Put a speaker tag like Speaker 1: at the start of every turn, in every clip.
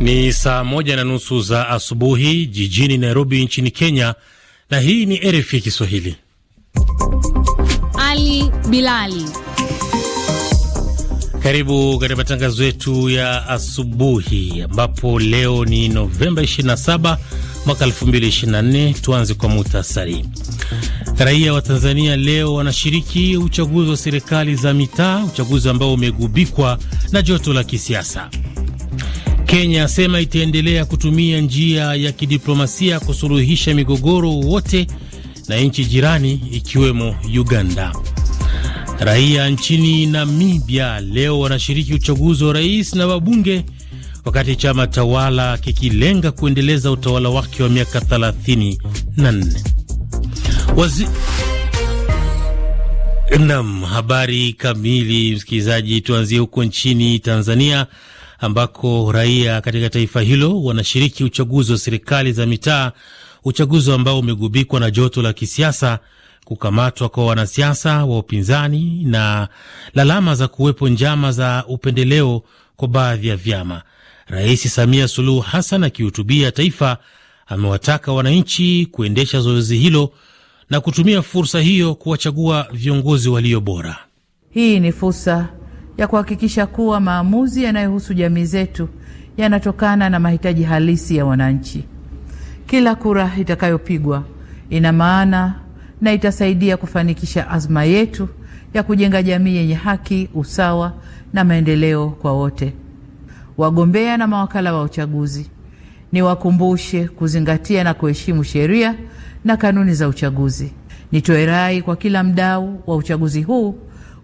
Speaker 1: Ni saa moja na nusu za asubuhi jijini Nairobi nchini Kenya, na hii ni RFI Kiswahili.
Speaker 2: Ali Bilali,
Speaker 1: karibu katika matangazo yetu ya asubuhi, ambapo leo ni Novemba 27 mwaka 2024. Tuanze kwa muhtasari. Raia wa Tanzania leo wanashiriki uchaguzi wa serikali za mitaa, uchaguzi ambao umegubikwa na joto la kisiasa. Kenya asema itaendelea kutumia njia ya kidiplomasia kusuluhisha migogoro wote na nchi jirani ikiwemo Uganda. Raia nchini Namibia leo wanashiriki uchaguzi wa rais na wabunge, wakati chama tawala kikilenga kuendeleza utawala wake wa miaka 34. Wazi... Nam, habari kamili, msikilizaji. Tuanzie huko nchini Tanzania ambako raia katika taifa hilo wanashiriki uchaguzi wa serikali za mitaa, uchaguzi ambao umegubikwa na joto la kisiasa, kukamatwa kwa wanasiasa wa upinzani na lalama za kuwepo njama za upendeleo kwa baadhi ya vyama. Rais Samia Suluhu Hassan akihutubia taifa amewataka wananchi kuendesha zoezi hilo na kutumia fursa hiyo kuwachagua viongozi walio bora.
Speaker 3: Hii ni fursa ya kuhakikisha kuwa maamuzi yanayohusu jamii zetu yanatokana na mahitaji halisi ya wananchi. Kila kura itakayopigwa ina maana na itasaidia kufanikisha azma yetu ya kujenga jamii yenye haki, usawa na maendeleo kwa wote. Wagombea na mawakala wa uchaguzi, niwakumbushe kuzingatia na kuheshimu sheria na kanuni za uchaguzi. Nitoe rai kwa kila mdau wa uchaguzi huu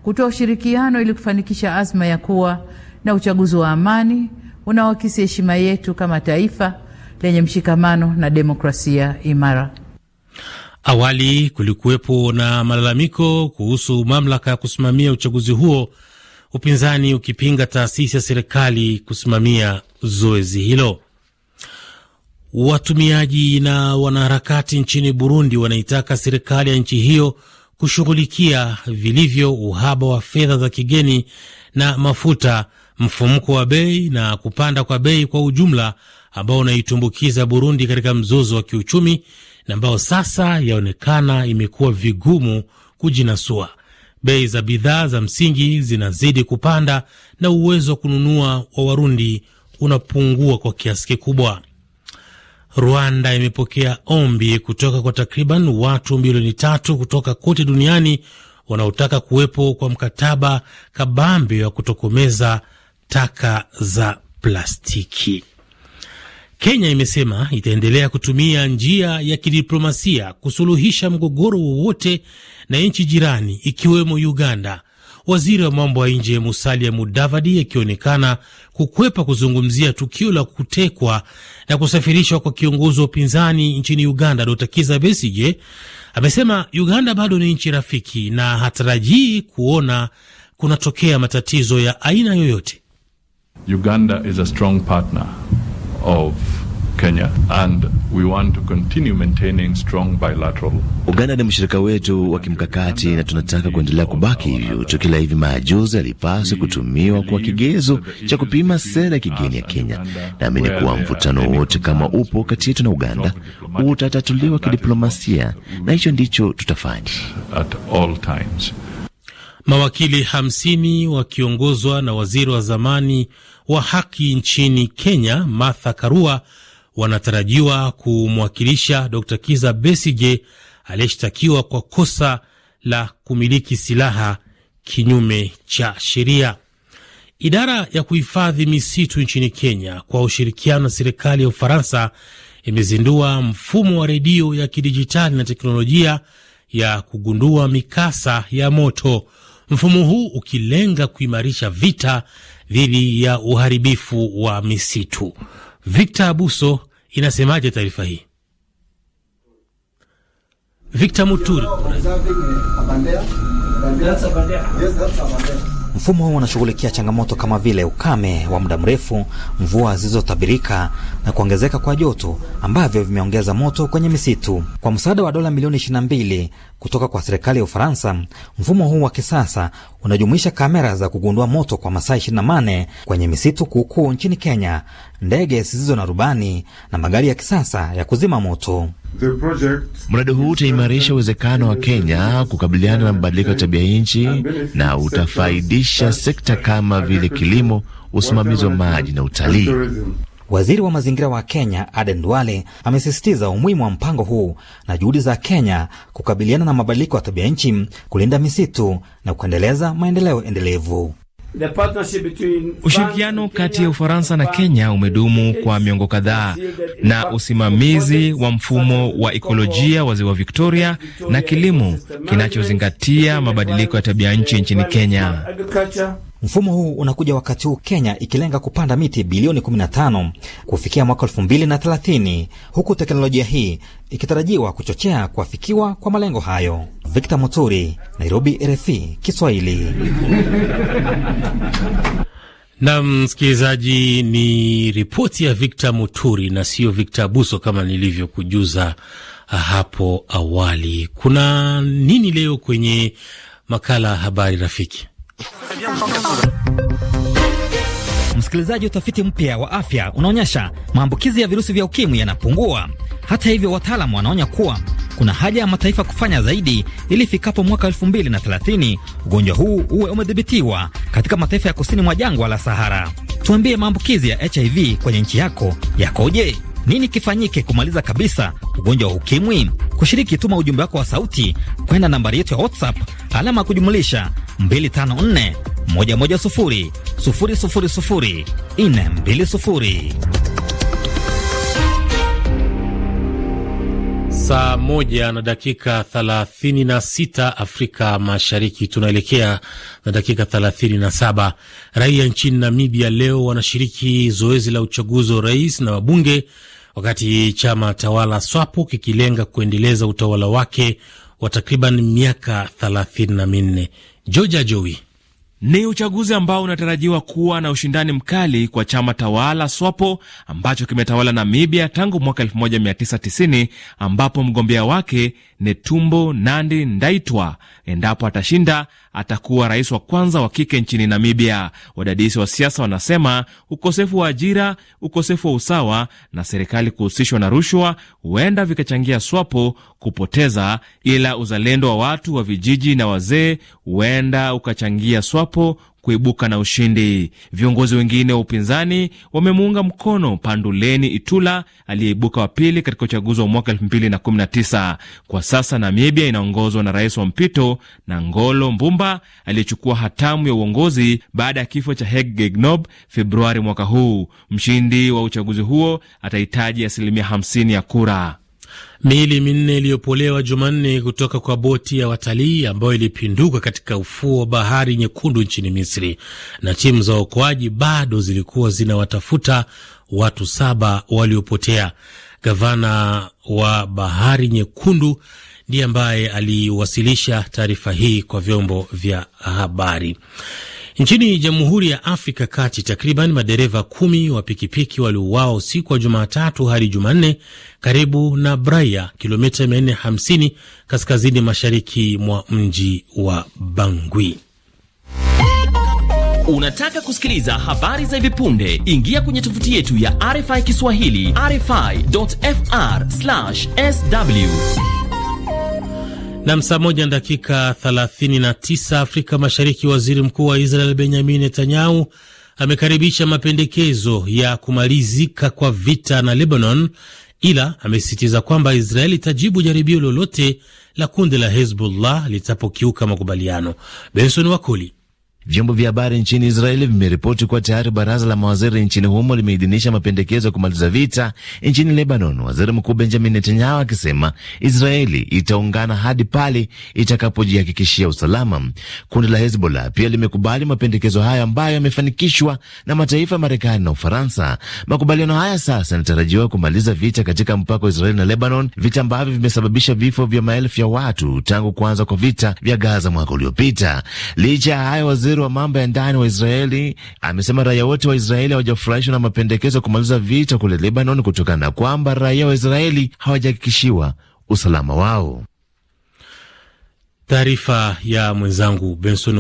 Speaker 3: kutoa ushirikiano ili kufanikisha azma ya kuwa na uchaguzi wa amani unaoakisi heshima yetu kama taifa lenye mshikamano na demokrasia imara.
Speaker 1: Awali kulikuwepo na malalamiko kuhusu mamlaka ya kusimamia uchaguzi huo, upinzani ukipinga taasisi ya serikali kusimamia zoezi hilo. Watumiaji na wanaharakati nchini Burundi wanaitaka serikali ya nchi hiyo kushughulikia vilivyo uhaba wa fedha za kigeni na mafuta, mfumko wa bei na kupanda kwa bei kwa ujumla, ambao unaitumbukiza Burundi katika mzozo wa kiuchumi na ambao sasa yaonekana imekuwa vigumu kujinasua. Bei za bidhaa za msingi zinazidi kupanda na uwezo wa kununua wa Warundi unapungua kwa kiasi kikubwa. Rwanda imepokea ombi kutoka kwa takriban watu milioni tatu kutoka kote duniani wanaotaka kuwepo kwa mkataba kabambe wa kutokomeza taka za plastiki. Kenya imesema itaendelea kutumia njia ya kidiplomasia kusuluhisha mgogoro wowote na nchi jirani ikiwemo Uganda waziri wa mambo ya nje Musalia Mudavadi akionekana kukwepa kuzungumzia tukio la kutekwa na kusafirishwa kwa kiongozi wa upinzani nchini Uganda, Dr Kiza Besije amesema Uganda bado ni nchi rafiki na hatarajii kuona kunatokea matatizo ya aina yoyote.
Speaker 3: Uganda is a strong partner of Kenya and we want to continue maintaining strong bilateral.
Speaker 4: Uganda ni mshirika wetu wa kimkakati na tunataka kuendelea kubaki hivyo. Tukio la hivi majuzi alipaswa kutumiwa kwa kigezo cha kupima sera ya kigeni ya Kenya. Naamini kuwa mvutano wote kama upo kati yetu na Uganda utatatuliwa kidiplomasia, na hicho ndicho tutafanya
Speaker 3: at all
Speaker 4: times.
Speaker 1: Mawakili hamsini wakiongozwa na waziri wa zamani wa haki nchini Kenya Martha Karua wanatarajiwa kumwakilisha Dr Kiza Besige aliyeshtakiwa kwa kosa la kumiliki silaha kinyume cha sheria. Idara ya kuhifadhi misitu nchini Kenya kwa ushirikiano na serikali ya Ufaransa imezindua mfumo wa redio ya kidijitali na teknolojia ya kugundua mikasa ya moto, mfumo huu ukilenga kuimarisha vita dhidi ya uharibifu wa misitu. Victor Abuso inasemaje taarifa hii? Victor Muturi
Speaker 2: Mfumo huu unashughulikia changamoto kama vile ukame wa muda mrefu, mvua zilizotabirika na kuongezeka kwa joto ambavyo vimeongeza moto kwenye misitu. Kwa msaada wa dola milioni 22 kutoka kwa serikali ya Ufaransa, mfumo huu wa kisasa unajumuisha kamera za kugundua moto kwa masaa 28 kwenye misitu kuukuu nchini Kenya, ndege zisizo na rubani na magari ya kisasa ya kuzima moto.
Speaker 4: Mradi huu utaimarisha uwezekano wa Kenya kukabiliana na mabadiliko ya tabia nchi na utafaidisha
Speaker 2: sekta kama vile kilimo, usimamizi wa maji na utalii. Waziri wa mazingira wa Kenya Aden Duale amesisitiza umuhimu wa mpango huu na juhudi za Kenya kukabiliana na mabadiliko ya tabia nchi, kulinda misitu na kuendeleza maendeleo endelevu. Ushirikiano kati ya Ufaransa
Speaker 3: na Kenya umedumu kwa miongo kadhaa, na usimamizi wa mfumo wa ikolojia wa ziwa Victoria na kilimo kinachozingatia mabadiliko ya tabia nchi nchini Kenya.
Speaker 2: Mfumo huu unakuja wakati huu Kenya ikilenga kupanda miti bilioni 15 kufikia mwaka 2030 huku teknolojia hii ikitarajiwa kuchochea kuafikiwa kwa malengo hayo. Victor Moturi, Nairobi, RFI Kiswahili.
Speaker 1: Na msikilizaji, ni ripoti ya Victor Muturi na sio Victor Abuso kama nilivyokujuza ah, hapo awali. Kuna nini leo kwenye makala ya habari
Speaker 2: rafiki? Msikilizaji, utafiti mpya wa afya unaonyesha maambukizi ya virusi vya ukimwi yanapungua. Hata hivyo, wataalamu wanaonya kuwa kuna haja ya mataifa kufanya zaidi ili ifikapo mwaka 2030 ugonjwa huu uwe umedhibitiwa katika mataifa ya kusini mwa jangwa la Sahara. Tuambie, maambukizi ya HIV kwenye nchi yako yakoje? Nini kifanyike kumaliza kabisa ugonjwa wa ukimwi? Kushiriki, tuma ujumbe wako wa sauti kwenda nambari yetu ya WhatsApp alama ya kujumulisha 254 110 000 sufuri.
Speaker 1: Saa moja na dakika thelathini na sita Afrika Mashariki, tunaelekea na dakika thelathini na saba. Raia nchini Namibia leo wanashiriki zoezi la uchaguzi wa rais na wabunge, wakati chama tawala SWAPO kikilenga kuendeleza utawala wake wa takriban miaka thelathini na minne.
Speaker 3: Joja Jowi ni uchaguzi ambao unatarajiwa kuwa na ushindani mkali kwa chama tawala SWAPO ambacho kimetawala Namibia tangu mwaka 1990 ambapo mgombea wake Netumbo Nandi Ndaitwa endapo atashinda atakuwa rais wa kwanza wa kike nchini Namibia. Wadadisi wa siasa wanasema ukosefu wa ajira, ukosefu wa usawa na serikali kuhusishwa na rushwa huenda vikachangia SWAPO kupoteza, ila uzalendo wa watu wa vijiji na wazee huenda ukachangia SWAPO kuibuka na ushindi. Viongozi wengine wa upinzani wamemuunga mkono Panduleni Itula aliyeibuka wa pili katika uchaguzi wa mwaka 2019. Kwa sasa Namibia inaongozwa na rais wa mpito na Ngolo Mbumba aliyechukua hatamu ya uongozi baada ya kifo cha Hage Geingob Februari mwaka huu. Mshindi wa uchaguzi huo atahitaji asilimia 50 ya kura. Miili
Speaker 1: minne iliyopolewa Jumanne kutoka kwa boti ya watalii ambayo ilipinduka katika ufuo wa bahari Nyekundu nchini Misri, na timu za uokoaji bado zilikuwa zinawatafuta watu saba waliopotea. Gavana wa Bahari Nyekundu ndiye ambaye aliwasilisha taarifa hii kwa vyombo vya habari. Nchini Jamhuri ya Afrika Kati, takriban madereva kumi wa pikipiki waliouawa usiku wa Jumatatu hadi Jumanne karibu na Braia, kilomita 450 kaskazini mashariki mwa mji wa Bangui.
Speaker 3: Unataka kusikiliza habari za hivi punde? Ingia kwenye tovuti yetu ya RFI Kiswahili, rfi.fr/sw.
Speaker 1: Nam, saa moja dakika 39 Afrika Mashariki. Waziri Mkuu wa Israel Benyamin Netanyahu amekaribisha mapendekezo ya kumalizika kwa vita na Lebanon, ila amesisitiza kwamba Israel itajibu jaribio lolote la kundi la Hezbollah litapokiuka makubaliano. Benson
Speaker 4: Wakoli Vyombo vya habari nchini Israeli vimeripoti kuwa tayari baraza la mawaziri nchini humo limeidhinisha mapendekezo ya kumaliza vita nchini Lebanon, waziri mkuu Benjamin Netanyahu akisema Israeli itaungana hadi pale itakapojihakikishia usalama. Kundi la Hezbollah pia limekubali mapendekezo hayo ambayo yamefanikishwa na mataifa ya Marekani na Ufaransa. Makubaliano haya sasa yanatarajiwa kumaliza vita katika mpaka wa Israeli na Lebanon, vita ambavyo vimesababisha vifo vya maelfu ya watu tangu kuanza kwa vita vya Gaza mwaka uliopita. Licha ya hayo waziri Waziri wa mambo ya ndani wa Israeli amesema raia wote wa Israeli hawajafurahishwa na mapendekezo ya kumaliza vita kule Lebanon kutokana na kwamba raia wa Israeli hawajahakikishiwa
Speaker 3: usalama wao. Taarifa ya mwenzangu Benson